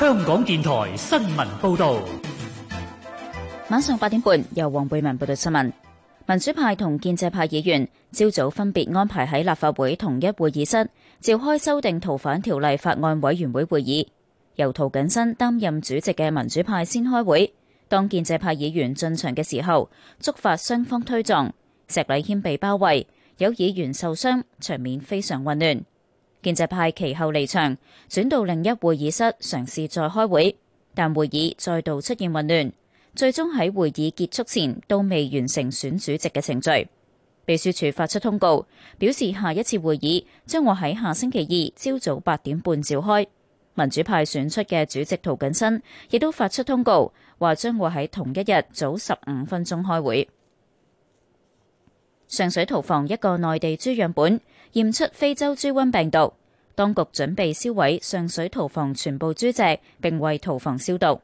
香港電台新聞報道，晚上八點半由黃貝文報道新聞。民主派同建制派議員朝早分別安排喺立法會同一會議室召開修訂逃犯條例法案委員會會議。由涂謹申擔任主席嘅民主派先開會。當建制派議員進場嘅時候，觸發雙方推撞，石禮謙被包圍，有議員受傷，場面非常混亂。建制派其後離場，轉到另一會議室嘗試再開會，但會議再度出現混亂，最終喺會議結束前都未完成選主席嘅程序。秘書處發出通告，表示下一次會議將會喺下星期二朝早八點半召開。民主派選出嘅主席陶謹申亦都發出通告，話將會喺同一日早十五分鐘開會。上水屠房一個內地豬樣本，驗出非洲豬瘟病毒，當局準備銷毀上水屠房全部豬隻，並為屠房消毒。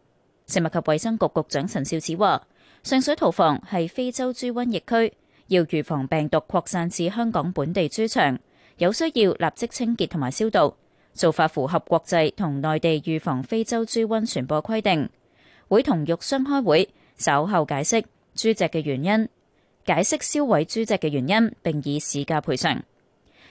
食物及衛生局局長陳肇始話：上水屠房係非洲豬瘟疫區，要預防病毒擴散至香港本地豬場，有需要立即清潔同埋消毒，做法符合國際同內地預防非洲豬瘟傳播規定。會同肉商開會，稍後解釋豬隻嘅原因，解釋銷毀豬隻嘅原因，並以市價賠償。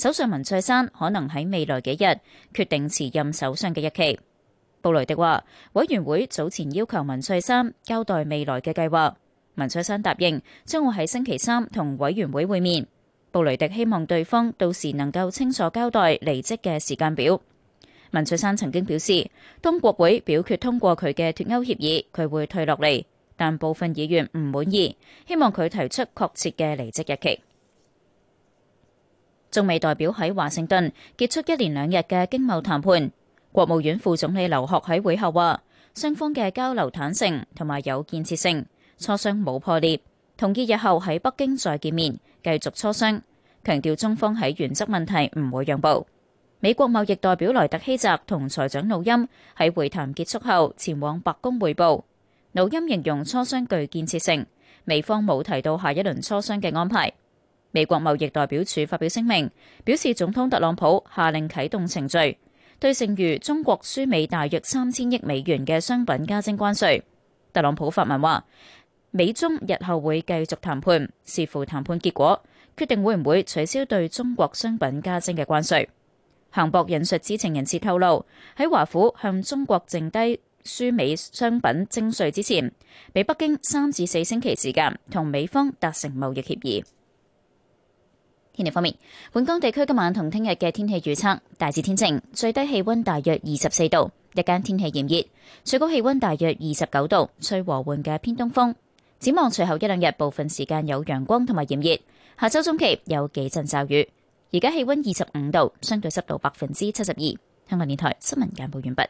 首相文翠珊可能喺未來幾日決定辭任首相嘅日期。布雷迪話：委員會早前要求文翠珊交代未來嘅計劃，文翠珊答應將會喺星期三同委員會會面。布雷迪希望對方到時能夠清楚交代離職嘅時間表。文翠珊曾經表示，當國會表決通過佢嘅脫歐協議，佢會退落嚟，但部分議員唔滿意，希望佢提出確切嘅離職日期。中美代表喺華盛頓結束一連兩日嘅經貿談判。國務院副總理劉鶴喺會後話，雙方嘅交流坦誠同埋有建設性，磋商冇破裂，同意日後喺北京再見面繼續磋商，強調中方喺原則問題唔會讓步。美國貿易代表萊特希澤同財長努欽喺會談結束後前往白宮匯報。努欽形容磋商具建設性，美方冇提到下一輪磋商嘅安排。美國貿易代表處發表聲明，表示總統特朗普下令啟動程序，對剩餘中國輸美大約三千億美元嘅商品加徵關稅。特朗普發文話，美中日後會繼續談判，視乎談判結果，決定會唔會取消對中國商品加徵嘅關稅。彭博引述知情人士透露，喺華府向中國剩低輸美商品徵稅之前，俾北京三至四星期時間同美方達成貿易協議。天氣方面，本港地區今晚同聽日嘅天氣預測，大致天晴，最低氣溫大約二十四度，日間天氣炎熱，最高氣温大約二十九度，吹和緩嘅偏東風。展望隨後一兩日，部分時間有陽光同埋炎熱。下周中期有幾陣驟雨。而家氣溫二十五度，相對濕度百分之七十二。香港電台新聞簡報完畢。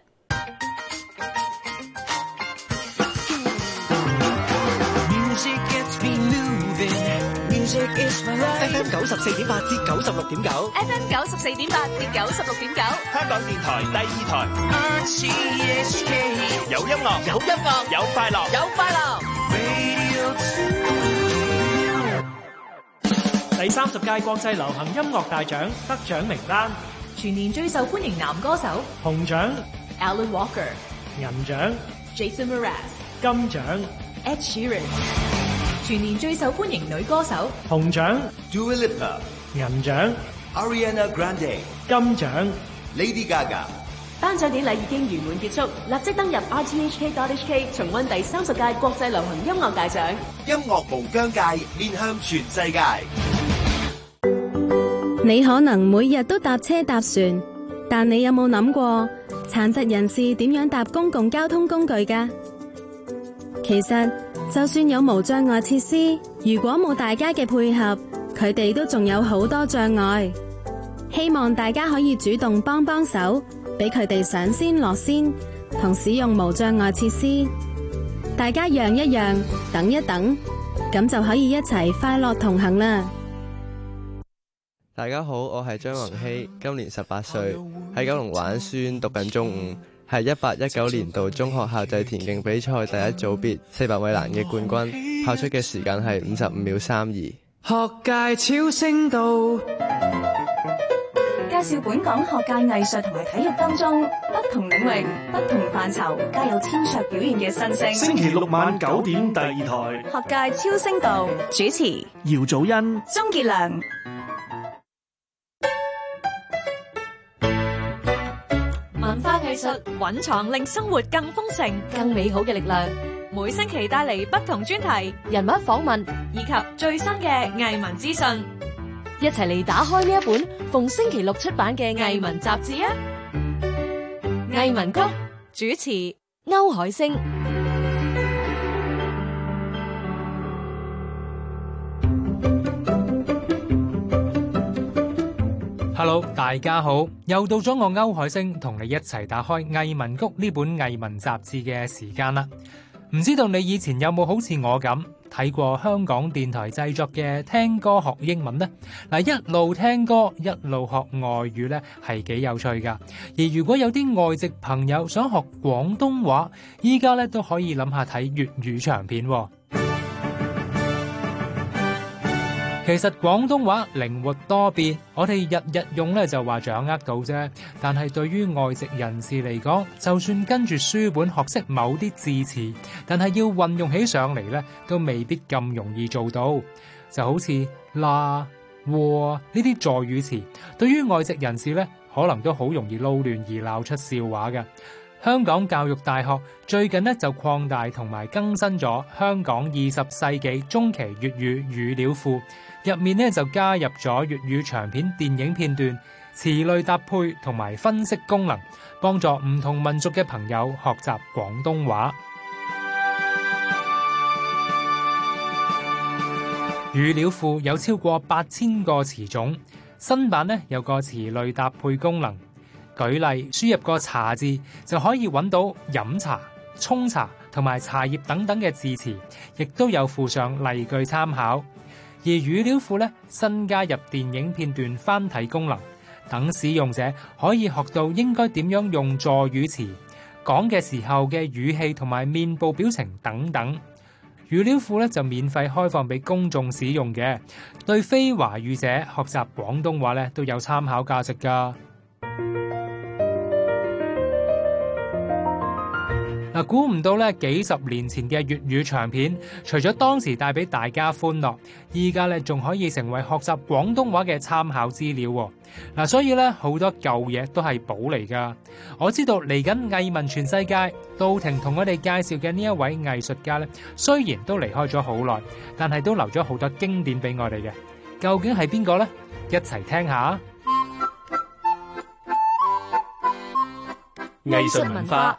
FM 九十四點八至九十六點九，FM 九十四點八至九十六點九，香港電台第二台。有音樂，有音樂，有快樂，有快樂。第三十屆國際流行音樂大獎得獎名單：全年最受歡迎男歌手，紅獎 Alan Walker，銀獎 Jason Mraz，金獎 Ed Sheeran。全年最受歡迎女歌手，銅獎 Dua Lipa，p 銀獎 Ariana Grande，金獎 Lady Gaga。頒獎典禮已經圓滿結束，立即登入 RTHK.HK 重溫第三十屆國際流行音樂大獎。音樂無疆界，面向全世界。你可能每日都搭車搭船，但你有冇諗過殘疾人士點樣搭公共交通工具㗎？其實。就算有無障礙設施，如果冇大家嘅配合，佢哋都仲有好多障礙。希望大家可以主動幫幫手，俾佢哋上先落先，同使用無障礙設施。大家讓一讓，等一等，咁就可以一齊快樂同行啦。大家好，我係張宏熙，今年十八歲，喺九龍玩孫讀緊中五。係一八一九年度中學校際田徑比賽第一組別四百米欄嘅冠軍，okay. 跑出嘅時間係五十五秒三二。學界超聲度、嗯，介紹本港學界、藝術同埋體育當中不同領域、不同範疇皆有超卓表現嘅新星。星期六晚九點第二台。學界超聲度主持：姚祖恩、鍾杰良。蘊藏令生活更豐盛、更美好嘅力量，每星期帶嚟不同專題、人物訪問以及最新嘅藝文資訊，一齊嚟打開呢一本逢星期六出版嘅藝文雜誌啊！藝文谷主持區凱聲。hello，大家好，又到咗我區凱聲同你一齊打開《藝文谷》呢本藝文雜誌嘅時間啦。唔知道你以前有冇好似我咁睇過香港電台製作嘅聽歌學英文呢？嗱，一路聽歌一路學外語咧，係幾有趣噶。而如果有啲外籍朋友想學廣東話，依家咧都可以諗下睇粵語長片。其實廣東話靈活多變，我哋日日用咧就話掌握到啫。但係對於外籍人士嚟講，就算跟住書本學識某啲字詞，但係要運用起上嚟咧，都未必咁容易做到。就好似啦哇呢啲助語詞，對於外籍人士咧，可能都好容易撈亂而鬧出笑話嘅。香港教育大學最近咧就擴大同埋更新咗香港二十世紀中期粵語語料庫，入面咧就加入咗粵語長片電影片段、詞類搭配同埋分析功能，幫助唔同民族嘅朋友學習廣東話。語料庫有超過八千個詞種，新版咧有個詞類搭配功能。舉例輸入個茶字，就可以揾到飲茶、沖茶同埋茶葉等等嘅字詞，亦都有附上例句參考。而語料庫咧新加入電影片段翻睇功能，等使用者可以學到應該點樣用助語詞講嘅時候嘅語氣同埋面部表情等等。語料庫咧就免費開放俾公眾使用嘅，對非華語者學習廣東話咧都有參考價值㗎。估唔到咧，幾十年前嘅粵語長片，除咗當時帶俾大家歡樂，依家咧仲可以成為學習廣東話嘅參考資料喎。嗱，所以咧好多舊嘢都係寶嚟㗎。我知道嚟緊藝文全世界到庭同我哋介紹嘅呢一位藝術家咧，雖然都離開咗好耐，但係都留咗好多經典俾我哋嘅。究竟係邊個呢？一齊聽下藝術文化。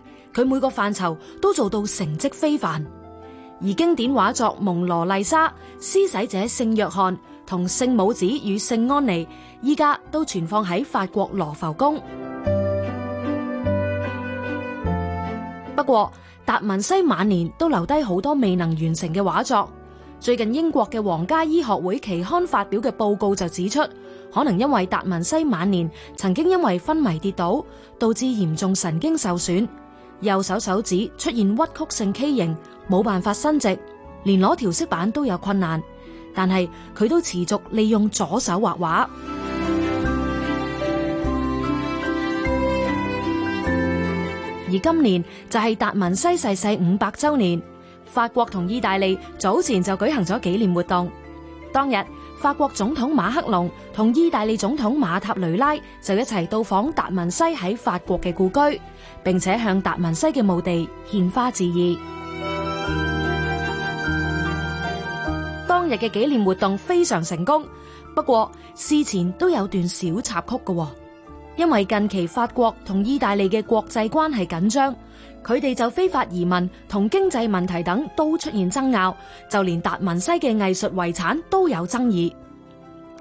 佢每個範疇都做到成績非凡，而經典畫作《蒙羅麗莎》、《施洗者聖約翰》同《聖母子與聖安妮》依家都存放喺法國羅浮宮。不過達文西晚年都留低好多未能完成嘅畫作。最近英國嘅皇家醫學會期刊發表嘅報告就指出，可能因為達文西晚年曾經因為昏迷跌倒，導致嚴重神經受損。右手手指出現屈曲性畸形，冇辦法伸直，連攞調色板都有困難。但係佢都持續利用左手畫畫。而今年就係達文西逝世五百周年，法國同意大利早前就舉行咗紀念活動。當日，法國總統馬克龍同意大利總統馬塔雷拉就一齊到訪達文西喺法國嘅故居，並且向達文西嘅墓地獻花致意。當日嘅紀念活動非常成功，不過事前都有段小插曲嘅。 因為近期法國同意大利嘅國際關係緊張，佢哋就非法移民同經濟問題等都出現爭拗，就連達文西嘅藝術遺產都有爭議。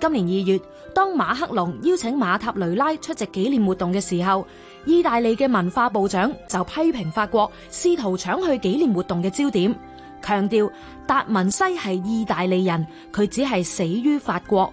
今年二月，當馬克龍邀請馬塔雷拉出席紀念活動嘅時候，意大利嘅文化部長就批評法國試圖搶去紀念活動嘅焦點，強調達文西係意大利人，佢只係死於法國。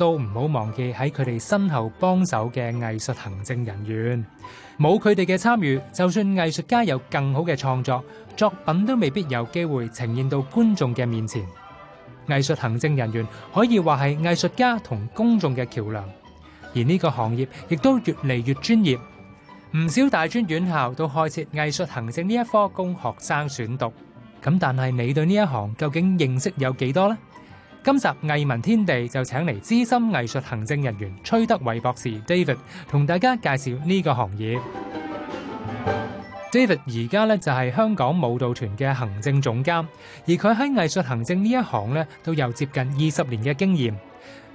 都唔好忘記喺佢哋身後幫手嘅藝術行政人員，冇佢哋嘅參與，就算藝術家有更好嘅創作作品，都未必有機會呈現到觀眾嘅面前。藝術行政人員可以話係藝術家同公眾嘅橋樑，而呢個行業亦都越嚟越專業。唔少大專院校都開設藝術行政呢一科，供學生選讀。咁但係，你對呢一行究竟認識有幾多呢？今集藝文天地就請嚟資深藝術行政人員崔德煒博士 David 同大家介紹呢個行業。David 而家咧就係香港舞蹈團嘅行政總監，而佢喺藝術行政呢一行咧都有接近二十年嘅經驗。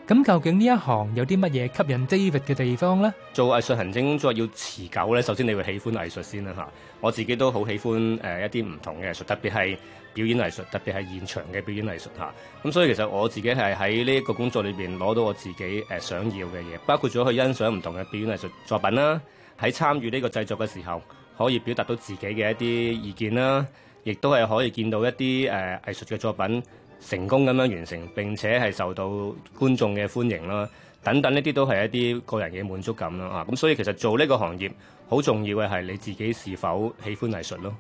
咁究竟呢一行有啲乜嘢吸引 David 嘅地方呢？做藝術行政工作要持久咧，首先你會喜歡藝術先啦吓。我自己都好喜歡誒一啲唔同嘅藝術，特別係。表演藝術，特別係現場嘅表演藝術嚇。咁所以其實我自己係喺呢個工作裏邊攞到我自己誒想要嘅嘢，包括咗去欣賞唔同嘅表演藝術作品啦，喺參與呢個製作嘅時候可以表達到自己嘅一啲意見啦，亦都係可以見到一啲誒藝術嘅作品成功咁樣完成並且係受到觀眾嘅歡迎啦，等等呢啲都係一啲個人嘅滿足感咯嚇。咁所以其實做呢個行業好重要嘅係你自己是否喜歡藝術咯。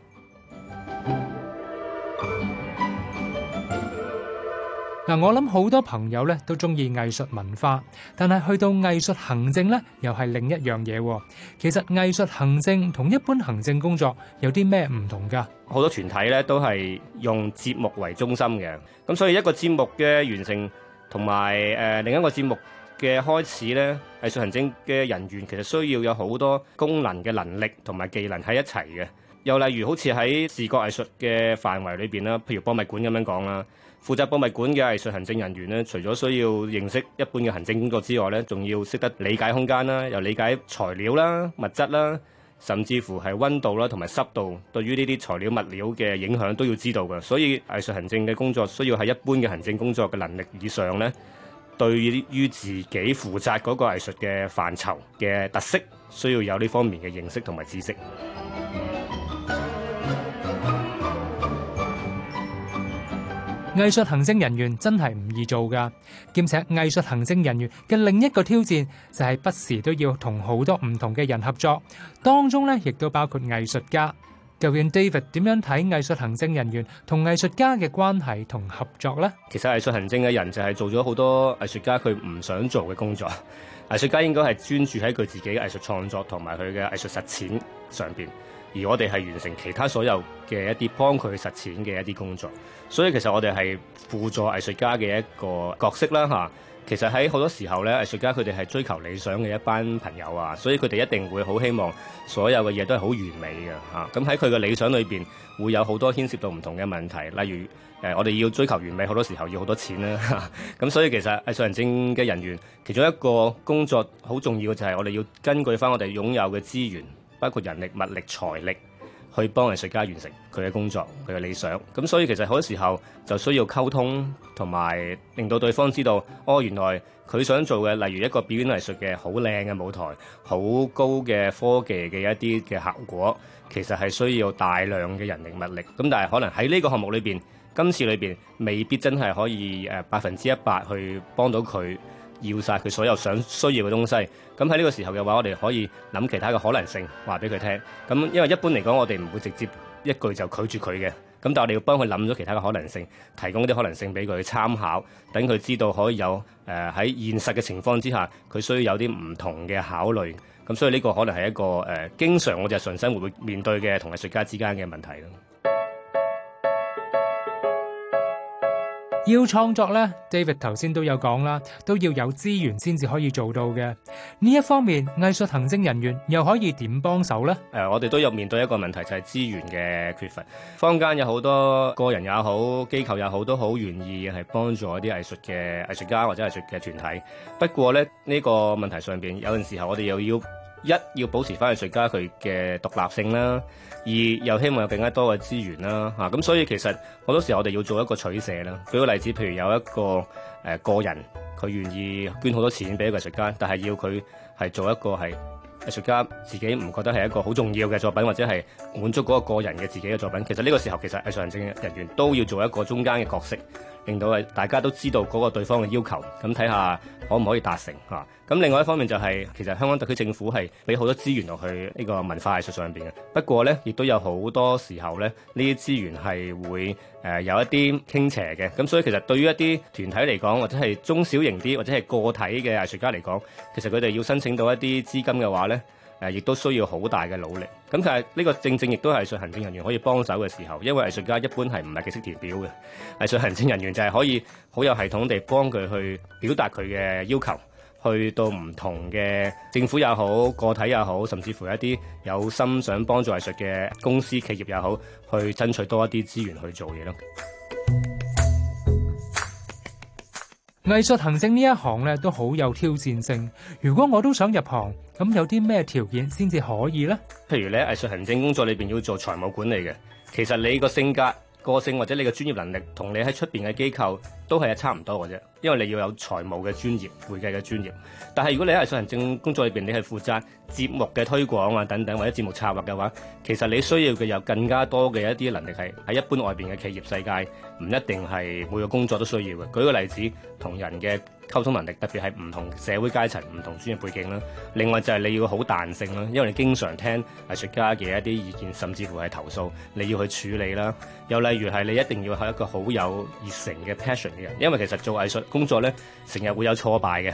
嗱，我諗好多朋友咧都中意藝術文化，但係去到藝術行政呢，又係另一樣嘢。其實藝術行政同一般行政工作有啲咩唔同噶？好多團體呢都係用節目為中心嘅，咁所以一個節目嘅完成同埋誒另一個節目嘅開始咧，藝術行政嘅人員其實需要有好多功能嘅能力同埋技能喺一齊嘅。又例如好似喺視覺藝術嘅範圍裏邊啦，譬如博物館咁樣講啦，負責博物館嘅藝術行政人員咧，除咗需要認識一般嘅行政工作之外咧，仲要識得理解空間啦，又理解材料啦、物質啦，甚至乎係溫度啦同埋濕度，對於呢啲材料物料嘅影響都要知道嘅。所以藝術行政嘅工作需要喺一般嘅行政工作嘅能力以上咧，對於自己負責嗰個藝術嘅範疇嘅特色，需要有呢方面嘅認識同埋知識。藝術行政人員真係唔易做㗎，兼且藝術行政人員嘅另一個挑戰就係不時都要同好多唔同嘅人合作，當中咧亦都包括藝術家。究竟 David 點樣睇藝術行政人員同藝術家嘅關係同合作呢？其實藝術行政嘅人就係做咗好多藝術家佢唔想做嘅工作，藝術家應該係專注喺佢自己嘅藝術創作同埋佢嘅藝術實踐上面。而我哋係完成其他所有嘅一啲幫佢實踐嘅一啲工作，所以其實我哋係輔助藝術家嘅一個角色啦嚇。其實喺好多時候咧，藝術家佢哋係追求理想嘅一班朋友啊，所以佢哋一定會好希望所有嘅嘢都係好完美嘅嚇。咁喺佢嘅理想裏邊，會有好多牽涉到唔同嘅問題，例如誒，我哋要追求完美，好多時候要好多錢啦。咁所以其實藝術人精嘅人員，其中一個工作好重要嘅就係我哋要根據返我哋擁有嘅資源。包括人力、物力、財力去幫藝術家完成佢嘅工作、佢嘅理想，咁所以其實好多時候就需要溝通同埋令到對方知道，哦，原來佢想做嘅，例如一個表演藝術嘅好靚嘅舞台、好高嘅科技嘅一啲嘅效果，其實係需要大量嘅人力物力，咁但係可能喺呢個項目裏面，今次裏面未必真係可以誒百分之一百去幫到佢，要晒佢所有想需要嘅東西，咁喺呢個時候嘅話，我哋可以諗其他嘅可能性話俾佢聽。咁因為一般嚟講，我哋唔會直接一句就拒絕佢嘅。咁但我哋要幫佢諗咗其他嘅可能性，提供啲可能性俾佢去參考，等佢知道可以有喺、呃、現實嘅情況之下，佢需要有啲唔同嘅考慮。咁所以呢個可能係一個誒、呃、經常我哋日常生活會面對嘅同藝術家之間嘅問題咯。要創作呢 David 頭先都有講啦，都要有資源先至可以做到嘅。呢一方面，藝術行政人員又可以點幫手呢？呃、我哋都有面對一個問題就係、是、資源嘅缺乏。坊間有好多個人也好，機構也好，都好願意係幫助一啲藝術嘅藝術家或者藝術嘅團體。不過咧，呢、呢個問題上面，有陣時候我哋又要。一要保持翻藝術家佢嘅獨立性啦，二又希望有更加多嘅資源啦吓，咁所以其實好多時候我哋要做一個取捨啦。舉個例子，譬如有一個誒個人，佢願意捐好多錢俾一個藝術家，但係要佢係做一個係藝術家自己唔覺得係一個好重要嘅作品，或者係滿足嗰個個人嘅自己嘅作品，其實呢個時候其實藝術行政人員都要做一個中間嘅角色。令到大家都知道嗰個對方嘅要求，咁睇下可唔可以達成嚇。咁另外一方面就係、是，其實香港特區政府係俾好多資源落去呢個文化藝術上面嘅。不過呢，亦都有好多時候呢呢啲資源係會誒有一啲傾斜嘅。咁所以其實對於一啲團體嚟講，或者係中小型啲，或者係個體嘅藝術家嚟講，其實佢哋要申請到一啲資金嘅話呢。亦都需要好大嘅努力。咁但係呢個正正亦都係藝術行政人員可以幫手嘅時候，因為藝術家一般係唔係幾識填表嘅。藝術行政人員就係可以好有系統地幫佢去表達佢嘅要求，去到唔同嘅政府也好，個體也好，甚至乎一啲有心想幫助藝術嘅公司企業也好，去爭取多一啲資源去做嘢咯。藝術行政呢一行咧都好有挑戰性。如果我都想入行，咁有啲咩條件先至可以呢？譬如咧，藝術行政工作裏邊要做財務管理嘅，其實你個性格、個性或者你嘅專業能力，同你喺出邊嘅機構，都係差唔多嘅啫，因為你要有財務嘅專業、會計嘅專業。但係如果你喺藝術行政工作裏面，你係負責節目嘅推廣啊等等，或者節目策劃嘅話，其實你需要嘅有更加多嘅一啲能力，係喺一般外面嘅企業世界唔一定係每個工作都需要嘅。舉個例子，同人嘅溝通能力，特別係唔同社會階層、唔同專業背景啦。另外就係你要好彈性啦，因為你經常聽藝術家嘅一啲意見，甚至乎係投訴，你要去處理啦。又例如係你一定要係一個好有熱誠嘅 passion。因為其實做藝術工作咧，成日會有挫敗嘅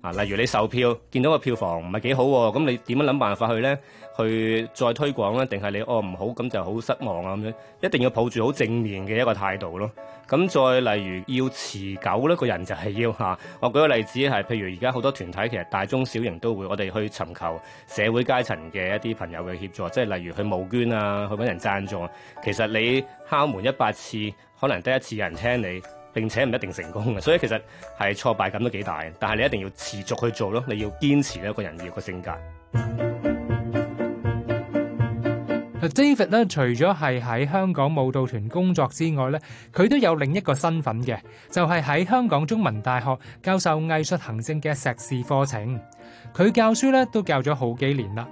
啊。例如你售票見到個票房唔係幾好咁，你點樣諗辦法去咧？去再推廣咧，定係你哦唔好咁就好失望啊？咁樣一定要抱住好正面嘅一個態度咯。咁、啊、再例如要持久咧，個人就係要吓。我舉個例子係，譬如而家好多團體其實大中小型都會我哋去尋求社會階層嘅一啲朋友嘅協助，即係例如去募捐啊，去搵人贊助。其實你敲門一百次，可能第一次有人聽你。並且唔一定成功嘅，所以其實係挫敗感都幾大。但係你一定要持續去做咯，你要堅持一個人要個性格。David 咧，除咗係喺香港舞蹈團工作之外咧，佢都有另一個身份嘅，就係喺香港中文大學教授藝術行政嘅碩士課程。佢教書咧都教咗好幾年啦。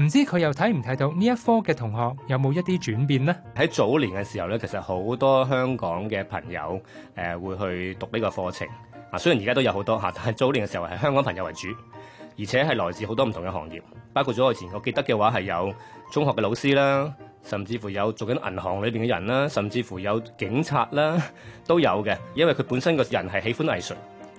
唔知佢又睇唔睇到呢一科嘅同學有冇一啲轉變呢？喺早年嘅時候呢，其實好多香港嘅朋友誒、呃、會去讀呢個課程啊。雖然而家都有好多，但係早年嘅時候係香港朋友為主，而且係來自好多唔同嘅行業，包括咗我以前我記得嘅話係有中學嘅老師啦，甚至乎有做緊銀行裏面嘅人啦，甚至乎有警察啦都有嘅，因為佢本身個人係喜歡藝術。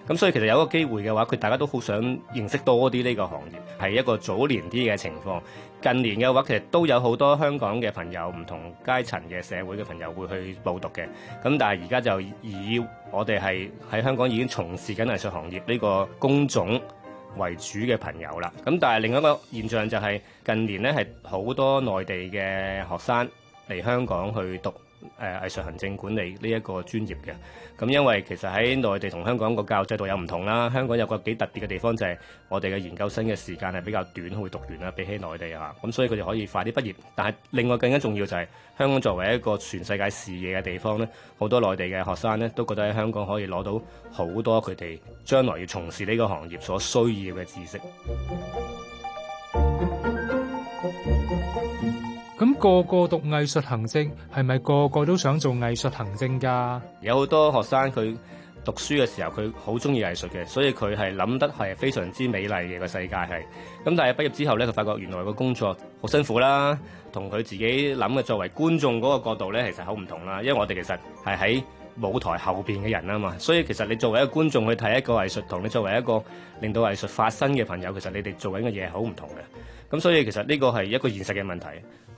咁所以其實有個機會嘅話，佢大家都好想認識多啲呢個行業，係一個早年啲嘅情況，近年嘅話其實都有好多香港嘅朋友，唔同階層嘅社會嘅朋友會去報讀嘅。咁但係而家就以我哋係喺香港已經從事緊藝術行業呢個工種為主嘅朋友啦。咁但係另一個現象就係、是、近年咧係好多內地嘅學生嚟香港去讀。誒藝術行政管理呢一個專業嘅，咁因為其實喺內地同香港個教育制度有唔同啦，香港有個幾特別嘅地方就係、是、我哋嘅研究生嘅時間係比較短，會讀完啦，比起內地呀，咁所以佢哋可以快啲畢業。但係另外更加重要就係、是、香港作為一個全世界視野嘅地方咧，好多內地嘅學生咧都覺得喺香港可以攞到好多佢哋將來要從事呢個行業所需要嘅知識。個個讀藝術行政係咪個個都想做藝術行政噶？有好多學生佢讀書嘅時候佢好中意藝術嘅，所以佢係諗得係非常之美麗嘅個世界係。咁但係畢業之後咧，佢發覺原來個工作好辛苦啦，同佢自己諗嘅作為觀眾嗰個角度咧，其實好唔同啦。因為我哋其實係喺舞台後邊嘅人啊嘛，所以其實你作為一個觀眾去睇一個藝術，同你作為一個令到藝術發生嘅朋友，其實你哋做緊嘅嘢係好唔同嘅。咁所以其實呢個係一個現實嘅問題。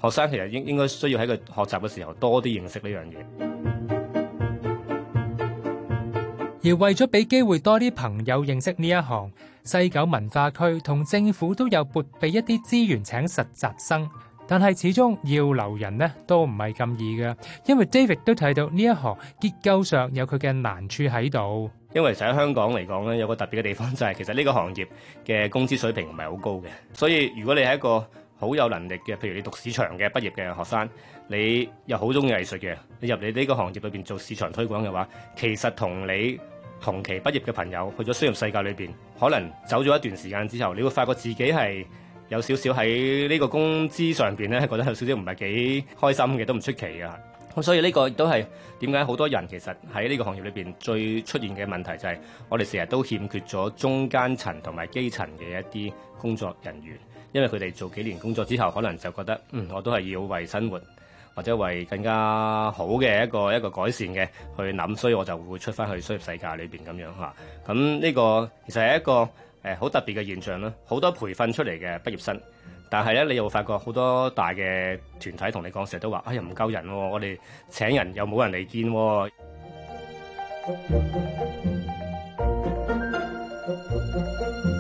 學生其實應應該需要喺佢學習嘅時候多啲認識呢樣嘢，而為咗俾機會多啲朋友認識呢一行，西九文化區同政府都有撥俾一啲資源請實習生，但係始終要留人呢都唔係咁易嘅，因為 David 都睇到呢一行結構上有佢嘅難處喺度。因為就喺香港嚟講咧，有個特別嘅地方就係其實呢個行業嘅工資水平唔係好高嘅，所以如果你係一個好有能力嘅，譬如你讀市場嘅畢業嘅學生，你又好中意藝術嘅，你入你呢個行業裏邊做市場推廣嘅話，其實同你同期畢業嘅朋友去咗商業世界裏邊，可能走咗一段時間之後，你會發覺自己係有少少喺呢個工資上邊咧，係覺得有少少唔係幾開心嘅，都唔出奇嘅。咁所以呢個都係點解好多人其實喺呢個行業裏邊最出現嘅問題，就係，我哋成日都欠缺咗中間層同埋基層嘅一啲工作人員。因為佢哋做幾年工作之後，可能就覺得，嗯，我都係要為生活，或者為更加好嘅一個一個改善嘅去諗，所以我就會出翻去商業世界裏邊咁樣吓。咁呢個其實係一個誒好特別嘅現象啦。好多培訓出嚟嘅畢業生，但係呢，你又發覺好多大嘅團體同你講，成日都話，哎呀唔夠人喎，我哋請人又冇人嚟見喎。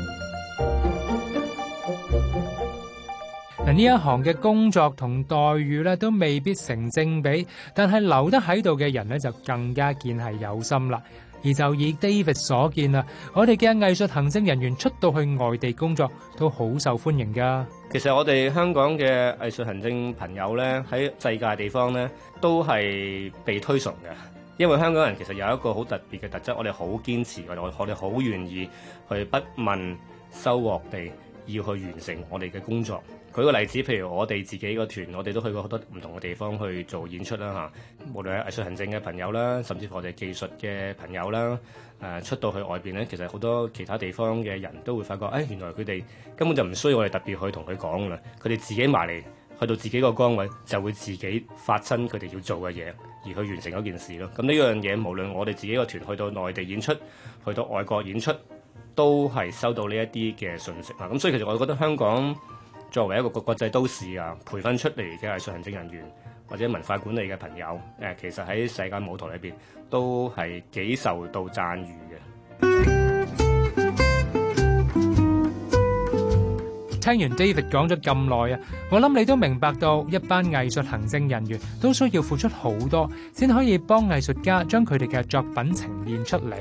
呢一行嘅工作同待遇咧，都未必成正比，但係留得喺度嘅人咧就更加見係有心啦。而就以 David 所見啊，我哋嘅藝術行政人員出到去外地工作都好受歡迎噶。其實我哋香港嘅藝術行政朋友咧，喺世界地方咧都係被推崇嘅，因為香港人其實有一個好特別嘅特質，我哋好堅持，我哋好願意去不問收穫地要去完成我哋嘅工作。舉個例子，譬如我哋自己個團，我哋都去過好多唔同嘅地方去做演出啦。嚇，無論係藝術行政嘅朋友啦，甚至乎我哋技術嘅朋友啦、呃，出到去外邊咧，其實好多其他地方嘅人都會發覺，唉、哎，原來佢哋根本就唔需要我哋特別去同佢講㗎啦。佢哋自己埋嚟，去到自己個崗位就會自己發生佢哋要做嘅嘢，而去完成嗰件事咯。咁呢樣嘢，無論我哋自己個團去到內地演出，去到外國演出，都係收到呢一啲嘅訊息啊。咁、嗯、所以其實我覺得香港，作為一個國國際都市啊，培訓出嚟嘅藝術行政人員或者文化管理嘅朋友，其實喺世界舞台裏面都係幾受到讚譽嘅。聽完 David 講咗咁耐啊，我諗你都明白到一班藝術行政人員都需要付出好多，先可以幫藝術家將佢哋嘅作品呈現出嚟。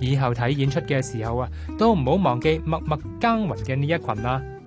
以後睇演出嘅時候啊，都唔好忘記默默耕耘嘅呢一群啦。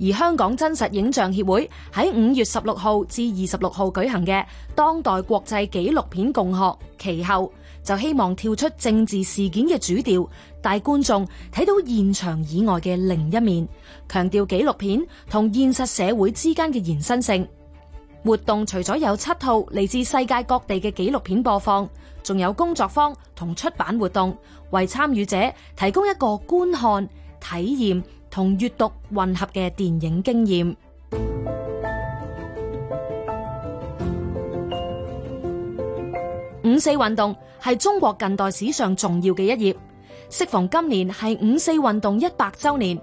而香港真實影像協會喺五月十六號至二十六號舉行嘅當代國際紀錄片共學，其後就希望跳出政治事件嘅主調，帶觀眾睇到現場以外嘅另一面，強調紀錄片同現實社會之間嘅延伸性。活動除咗有七套嚟自世界各地嘅紀錄片播放，仲有工作坊同出版活動，為參與者提供一個觀看體驗，同閱讀混合嘅電影經驗。五四運動係中國近代史上重要嘅一頁。適逢今年係五四運動一百周年，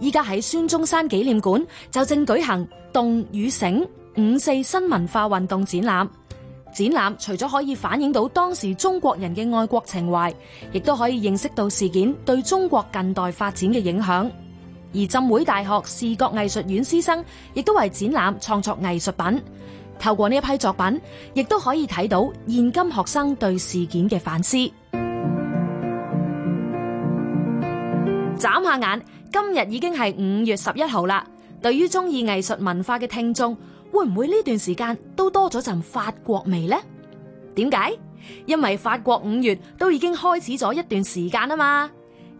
依家喺孫中山紀念館就正舉行《動與醒：五四新文化運動》展覽。展覽除咗可以反映到當時中國人嘅愛國情懷，亦都可以認識到事件對中國近代發展嘅影響。而浸會大學視覺藝術院師生亦都為展覽創作藝術品，透過呢一批作品，亦都可以睇到現今學生對事件嘅反思。 眨下眼，今日已經係五月十一號啦。對於中意藝術文化嘅聽眾，會唔會呢段時間都多咗陣法國味呢？點解？因為法國五月都已經開始咗一段時間啊嘛。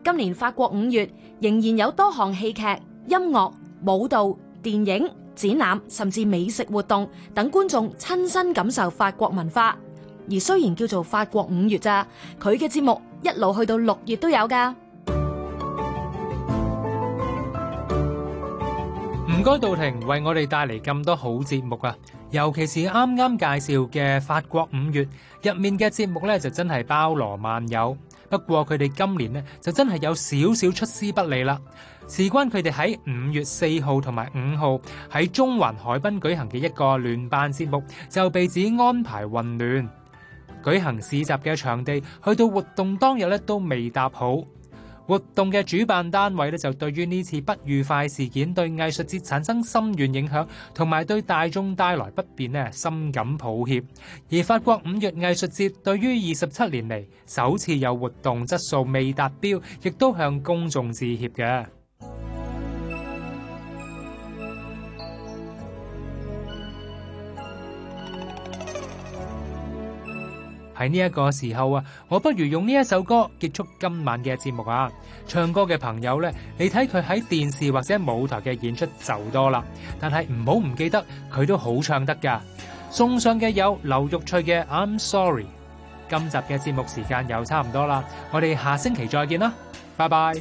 今年法國五月。仍然有多項戲劇、音樂、舞蹈、電影、展覽，甚至美食活動等，觀眾親身感受法國文化。而雖然叫做法國五月咋，佢嘅節目一路去到六月都有噶。唔該，杜婷為我哋帶嚟咁多好節目啊！尤其是啱啱介紹嘅法國五月入面嘅節目咧，就真係包羅萬有。不過佢哋今年咧就真係有少少出師不利啦，事關佢哋喺五月四號同埋五號喺中環海濱舉行嘅一個聯辦節目，就被指安排混亂，舉行市集嘅場地去到活動當日咧都未搭好。活動嘅主辦單位咧，就對於呢次不愉快事件對藝術節產生深遠影響，同埋對大眾帶來不便咧，深感抱歉。而法國五月藝術節對於二十七年嚟首次有活動質素未達標，亦都向公眾致歉嘅。喺呢一個時候啊，我不如用呢一首歌結束今晚嘅節目啊！唱歌嘅朋友呢，你睇佢喺電視或者舞台嘅演出就多啦，但係唔好唔記得佢都好唱得㗎。送上嘅有劉玉翠嘅《I'm Sorry》。今集嘅節目時間又差唔多啦，我哋下星期再見啦，拜拜。